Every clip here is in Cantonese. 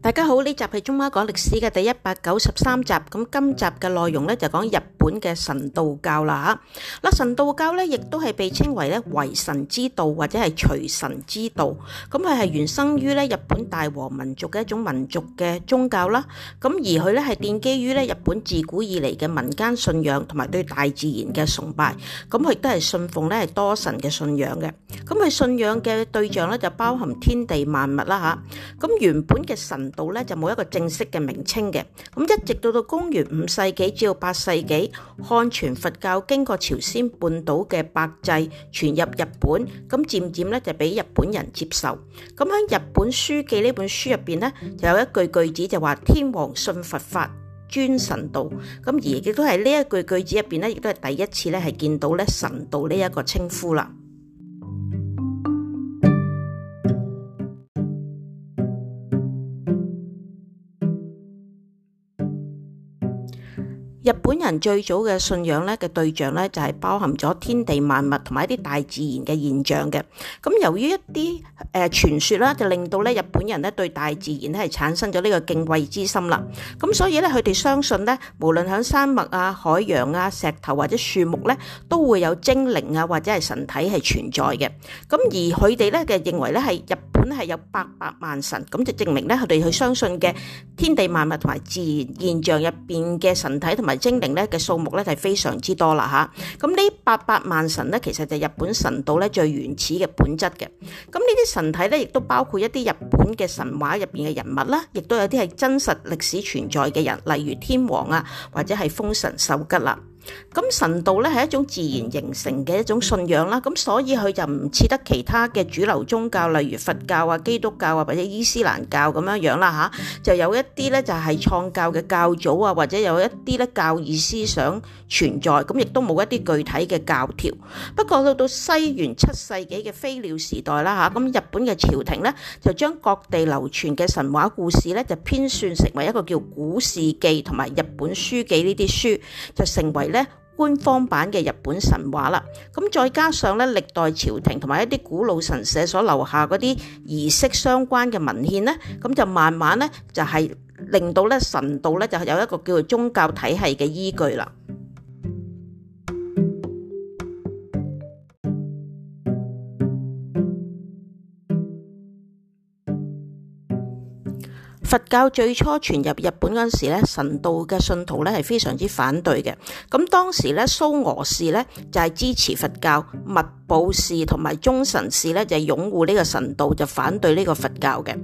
大家好，呢集係中媽講歷史嘅第一百九十三集，咁今集嘅內容咧就講日本。本嘅神道教啦嚇，嗱神道教咧亦都係被稱為咧為神之道或者係隨神之道，咁佢係原生於咧日本大和民族嘅一種民族嘅宗教啦。咁而佢咧係奠基於咧日本自古以嚟嘅民間信仰同埋對大自然嘅崇拜，咁佢亦都係信奉咧係多神嘅信仰嘅。咁佢信仰嘅對象咧就包含天地萬物啦吓，咁原本嘅神道咧就冇一個正式嘅名稱嘅，咁一直到到公元五世紀至到八世紀。漢傳佛教經過朝鮮半島嘅百濟傳入日本，咁漸漸咧就俾日本人接受。咁喺《日本書記》呢本書入邊咧，就有一句句子就話天皇信佛法，尊神道。咁而亦都係呢一句句子入邊咧，亦都係第一次咧係見到咧神道呢一個稱呼啦。日本人最早嘅信仰咧嘅對象咧就係包含咗天地萬物同埋一啲大自然嘅現象嘅。咁由於一啲誒傳說啦，就令到咧日本人咧對大自然咧係產生咗呢個敬畏之心啦。咁所以咧佢哋相信咧，無論響山脈啊、海洋啊、石頭或者樹木咧，都會有精靈啊或者係神體係存在嘅。咁而佢哋咧嘅認為咧係日本係有八百萬神，咁就證明咧佢哋去相信嘅天地萬物同埋自然現象入邊嘅神體同埋，精靈咧嘅數目咧就係非常之多啦嚇，咁呢八百萬神咧，其實就日本神道咧最原始嘅本質嘅，咁呢啲神體咧亦都包括一啲日本嘅神話入邊嘅人物啦，亦都有啲係真實歷史存在嘅人，例如天皇啊，或者係豐臣秀吉啦。咁神道咧係一種自然形成嘅一種信仰啦，咁所以佢就唔似得其他嘅主流宗教，例如佛教啊、基督教啊或者伊斯蘭教咁樣樣啦吓，就有一啲咧就係創教嘅教祖啊，或者有一啲咧教義思想存在，咁亦都冇一啲具體嘅教條。不過到到西元七世紀嘅飛鳥時代啦吓，咁日本嘅朝廷呢，就將各地流傳嘅神話故事咧就編纂成為一個叫古事記同埋日本書記呢啲書，就成為官方版嘅日本神話啦，咁再加上咧歷代朝廷同埋一啲古老神社所留下嗰啲儀式相關嘅文獻咧，咁就慢慢咧就係令到咧神道咧就有一個叫做宗教體系嘅依據啦。佛教最初傳入日本嗰陣時咧，神道嘅信徒咧係非常之反對嘅。咁當時咧，蘇我氏咧就係支持佛教，物部氏同埋中臣氏咧就係擁護呢個神道，就反對呢個佛教嘅。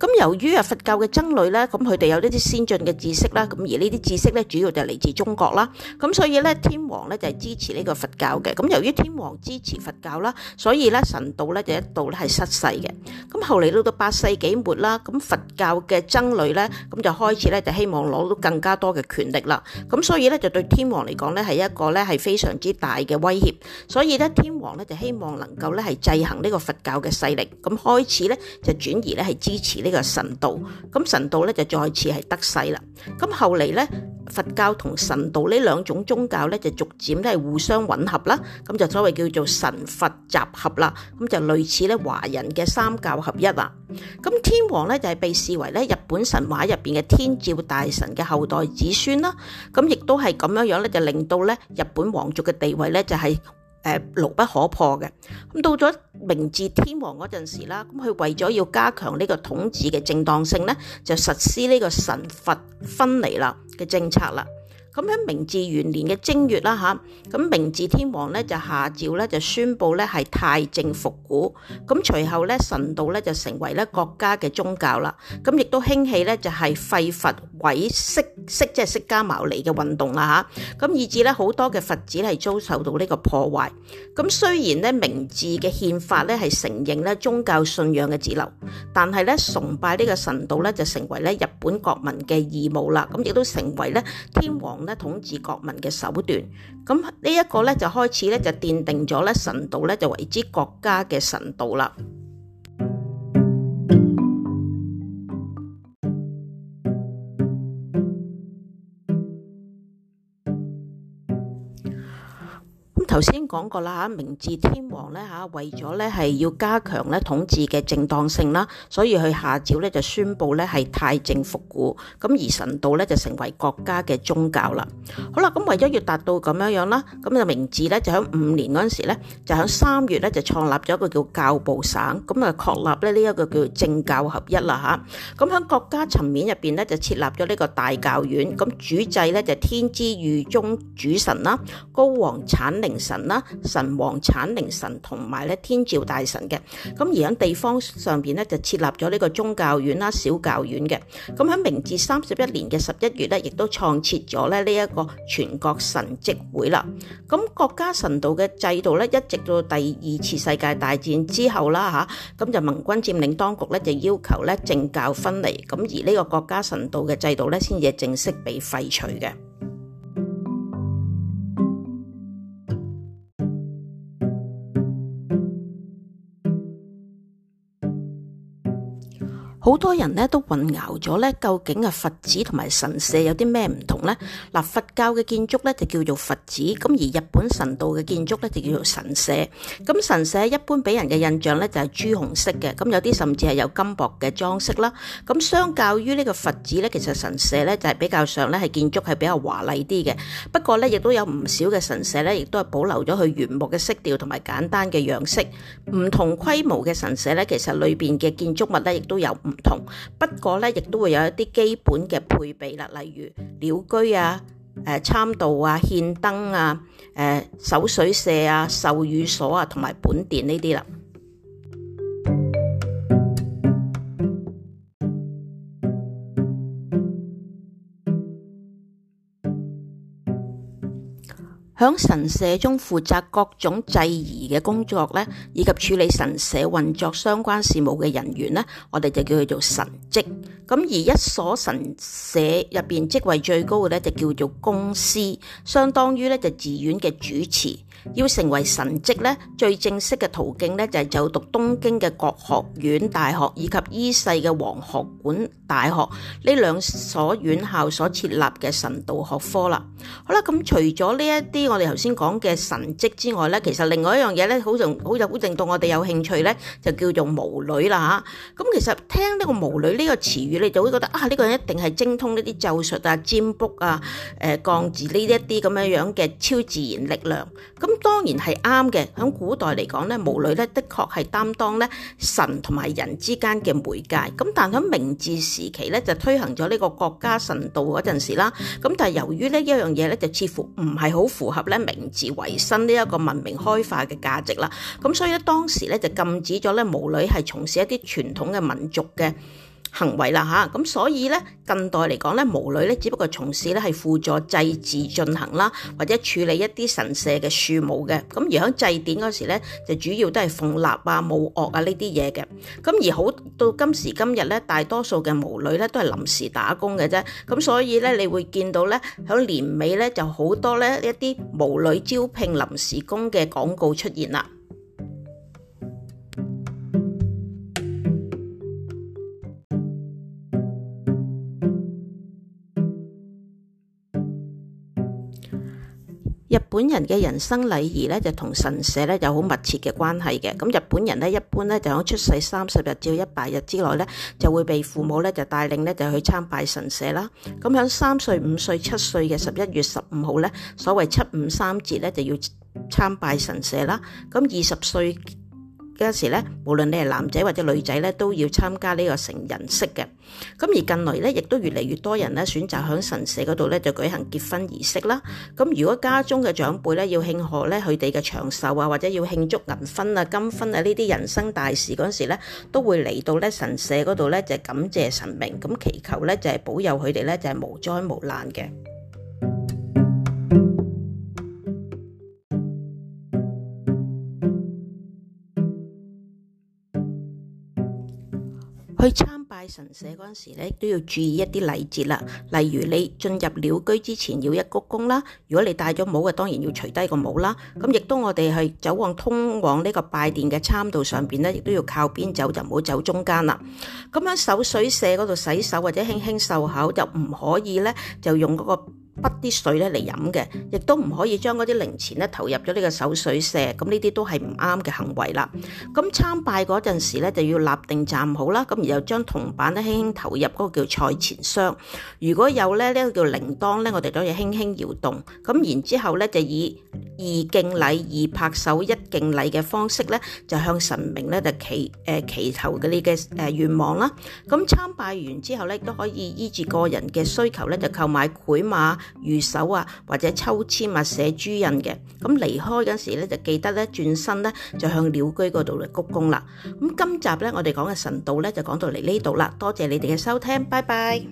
咁由於啊佛教嘅僧侶咧，咁佢哋有呢啲先進嘅知識啦，咁而呢啲知識咧主要就係嚟自中國啦。咁所以咧天皇咧就係支持呢個佛教嘅。咁由於天皇支持佛教啦，所以咧神道咧就一度咧係失勢嘅。咁後嚟到到八世紀末啦，咁佛教嘅僧侶咧，咁就開始咧，就希望攞到更加多嘅權力啦。咁所以咧，就對天皇嚟講咧，係一個咧係非常之大嘅威脅。所以咧，天皇咧就希望能夠咧係制衡呢個佛教嘅勢力，咁開始咧就轉移咧係支持呢個神道。咁神道咧就再次係得勢啦。咁後嚟咧，佛教同神道呢兩種宗教咧就逐漸咧係互相混合啦。咁就所謂叫做神佛習合啦。咁就類似咧華人嘅三教合一啦。咁天皇咧就係被視為咧入日本神話入邊嘅天照大神嘅後代子孫啦，咁亦都係咁樣樣咧，就令到咧日本皇族嘅地位咧就係誒牢不可破嘅。咁到咗明治天皇嗰陣時啦，咁佢為咗要加強呢個統治嘅正當性咧，就實施呢個神佛分離啦嘅政策啦。咁喺明治元年嘅正月啦吓，咁明治天皇咧就下詔咧就宣布咧係太政復古，咁隨後咧神道咧就成為咧國家嘅宗教啦，咁亦都興起咧就係廢佛毀釋釋即係釋迦牟尼嘅運動啦吓，咁以致咧好多嘅佛寺係遭受到呢個破壞，咁雖然咧明治嘅憲法咧係承認咧宗教信仰嘅自由，但係咧崇拜呢個神道咧就成為咧日本國民嘅義務啦，咁亦都成為咧天皇咧統治國民嘅手段，咁呢一個咧就開始咧就奠定咗咧神道咧就為之國家嘅神道啦。頭先講過啦，吓明治天皇咧，吓為咗咧係要加強咧統治嘅正當性啦，所以佢下詔咧就宣布咧係太政復古，咁而神道咧就成為國家嘅宗教啦。好啦，咁為咗要達到咁樣樣啦，咁就明治咧就喺五年嗰陣時咧就喺三月咧就創立咗一個叫教部省，咁啊確立咧呢一個叫政教合一啦，吓咁喺國家層面入邊咧就設立咗呢個大教院，咁主祭咧就天之御中主神啦，高皇產靈神啦，神皇、產靈神同埋咧天照大神嘅。咁而喺地方上邊咧，就設立咗呢個宗教院啦、小教院嘅。咁喺明治三十一年嘅十一月咧，亦都創設咗咧呢一個全國神職會啦。咁國家神道嘅制度咧，一直到第二次世界大戰之後啦吓，咁就盟軍佔領當局咧就要求咧政教分離，咁而呢個國家神道嘅制度咧，先至正式被廢除嘅。好多人咧都混淆咗咧，究竟啊佛寺同埋神社有啲咩唔同呢？嗱，佛教嘅建築咧就叫做佛寺，咁而日本神道嘅建築咧就叫做神社。咁神社一般俾人嘅印象咧就係朱紅色嘅，咁有啲甚至係有金箔嘅裝飾啦。咁相較於呢個佛寺咧，其實神社咧就係比較上咧係建築係比較華麗啲嘅。不過咧亦都有唔少嘅神社咧，亦都係保留咗佢原木嘅色調同埋簡單嘅樣式。唔同規模嘅神社咧，其實裏面嘅建築物咧亦都有。唔同，不過咧亦都會有一啲基本嘅配備啦，例如鳥居啊、誒參道啊、獻燈啊、誒、呃、手水舍啊、授與所啊同埋本殿呢啲啦。喺神社中負責各種祭儀嘅工作咧，以及處理神社運作相關事務嘅人員咧，我哋就叫佢做神職。咁而一所神社入面職位最高嘅咧，就叫做宮司，相當於呢就寺院嘅住持。要成為神職咧，最正式嘅途徑咧就係就讀東京嘅國學院大學以及伊勢嘅皇學館大學呢兩所院校所設立嘅神道學科啦。好啦，咁、嗯、除咗呢一啲我哋頭先講嘅神職之外咧，其實另外一樣嘢咧，好仲好有好令到我哋有興趣咧，就叫做巫女啦吓。咁、嗯、其實聽呢個巫女呢個詞語，你就會覺得啊，呢、這個人一定係精通呢啲咒術啊、占卜啊、誒、呃、降字呢一啲咁樣樣嘅超自然力量咁。咁當然係啱嘅，喺古代嚟講咧，巫女咧的確係擔當咧神同埋人之間嘅媒介。咁但喺明治時期咧，就推行咗呢個國家神道嗰陣時啦。咁但係由於呢一樣嘢咧，就似乎唔係好符合咧明治維新呢一個文明開化嘅價值啦。咁所以咧當時咧就禁止咗咧巫女係從事一啲傳統嘅民族嘅行為啦吓，咁所以咧近代嚟講咧，巫女咧只不過從事咧係輔助祭祀進行啦，或者處理一啲神社嘅樹木嘅，咁而喺祭典嗰時咧就主要都係奉納啊、舞樂啊呢啲嘢嘅，咁而好到今時今日咧，大多數嘅巫女咧都係臨時打工嘅啫，咁所以咧你會見到咧喺年尾咧就好多咧一啲巫女招聘臨時工嘅廣告出現啦。日本人嘅人生禮儀咧就同神社咧有好密切嘅關係嘅，咁日本人咧一般咧就響出世三十日至一百日之內咧就會被父母咧就帶領咧就去參拜神社啦，咁響三歲、五歲、七歲嘅十一月十五號咧所謂七五三節咧就要參拜神社啦，咁二十歲嗰時咧，無論你係男仔或者女仔咧，都要參加呢個成人式嘅。咁而近來咧，亦都越嚟越多人咧選擇喺神社嗰度咧就舉行結婚儀式啦。咁如果家中嘅長輩咧要慶賀咧佢哋嘅長壽啊，或者要慶祝銀婚啊、金婚啊呢啲人生大事嗰時咧，都會嚟到咧神社嗰度咧就係感謝神明，咁祈求咧就係保佑佢哋咧就係無災無難嘅。去參拜神社嗰陣時咧，都要注意一啲禮節啦。例如你進入鳥居之前要一鞠躬啦。如果你戴咗帽嘅，當然要除低個帽啦。咁亦都我哋係走往通往呢個拜殿嘅參道上邊咧，亦都要靠邊走，就唔好走中間啦。咁喺手水舍嗰度洗手或者輕輕漱口就唔可以咧，就用嗰個。筆啲水咧嚟飲嘅，亦都唔可以將嗰啲零錢咧投入咗呢個手水舍，咁呢啲都係唔啱嘅行為啦。咁參拜嗰陣時咧，就要立定站好啦，咁然後將銅板咧輕輕投入嗰個叫賽錢箱。如果有咧呢個叫鈴鐺咧，我哋都要輕輕搖動。咁然之後咧就以二敬禮二拍手一敬禮嘅方式咧就向神明咧就祈誒、呃、祈求嘅呢嘅誒願望啦。咁參拜完之後咧都可以依住個人嘅需求咧就購買繪馬、御守啊，或者抽籤呀寫朱印嘅，咁離開嗰時呢，就記得呢轉身呢，就向鳥居嗰度嚟鞠躬啦。咁今集呢，我哋講嘅神道呢，就講到嚟呢度啦，多謝你哋嘅收聽，拜拜。